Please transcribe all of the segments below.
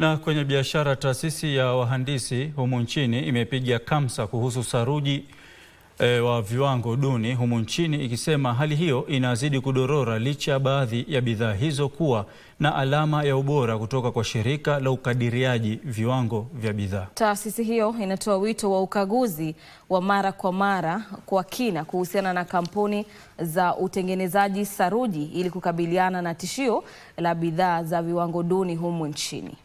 Na kwenye biashara, taasisi ya wahandisi humu nchini imepiga kamsa kuhusu saruji e, wa viwango duni humu nchini ikisema hali hiyo inazidi kudorora licha ya baadhi ya bidhaa hizo kuwa na alama ya ubora kutoka kwa shirika la ukadiriaji viwango vya bidhaa. Taasisi hiyo inatoa wito wa ukaguzi wa mara kwa mara kwa kina kuhusiana na kampuni za utengenezaji saruji ili kukabiliana na tishio la bidhaa za viwango duni humu nchini.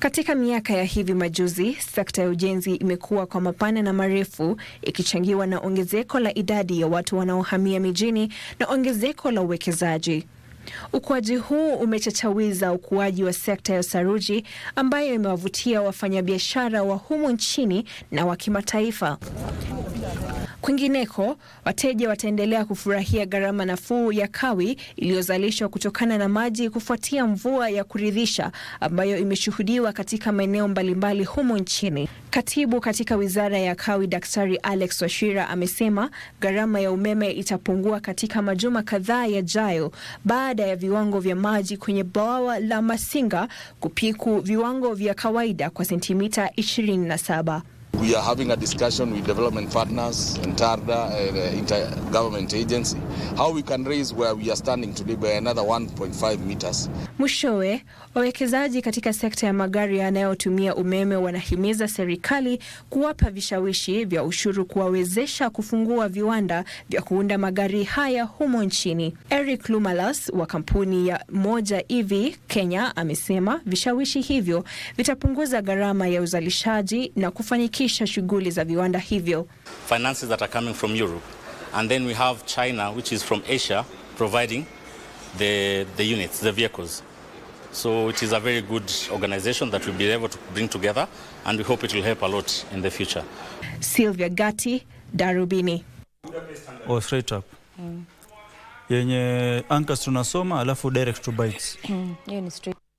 Katika miaka ya hivi majuzi, sekta ya ujenzi imekuwa kwa mapana na marefu, ikichangiwa na ongezeko la idadi ya watu wanaohamia mijini na ongezeko la uwekezaji. Ukuaji huu umechachawiza ukuaji wa sekta ya saruji ambayo imewavutia wafanyabiashara wa humu nchini na wa kimataifa. Kwingineko, wateja wataendelea kufurahia gharama nafuu ya kawi iliyozalishwa kutokana na maji kufuatia mvua ya kuridhisha ambayo imeshuhudiwa katika maeneo mbalimbali humu nchini. Katibu katika wizara ya kawi Daktari Alex Washira amesema gharama ya umeme itapungua katika majuma kadhaa yajayo baada ya viwango vya maji kwenye bwawa la Masinga kupiku viwango vya kawaida kwa sentimita 27. We are having a discussion with development partners, and NTARDA, uh, intergovernment agency, how we can raise where we are standing today by another 1.5 meters. Mwishowe, wawekezaji katika sekta ya magari yanayotumia umeme wanahimiza serikali kuwapa vishawishi vya ushuru kuwawezesha kufungua viwanda vya kuunda magari haya humo nchini. Eric Lumalas wa kampuni ya Moja EV Kenya amesema vishawishi hivyo vitapunguza gharama ya uzalishaji na kufanikisha kuimarisha shughuli za viwanda hivyo. Finances that are coming from Europe and then we have China which is from Asia providing the, the units, the vehicles. So it is a very good organization that we'll be able to bring together and we hope it will help a lot in the future. Sylvia Gati, Darubini. Oh, Mm. Yenye anchors tunasoma alafu direct to bytes. Mm. ni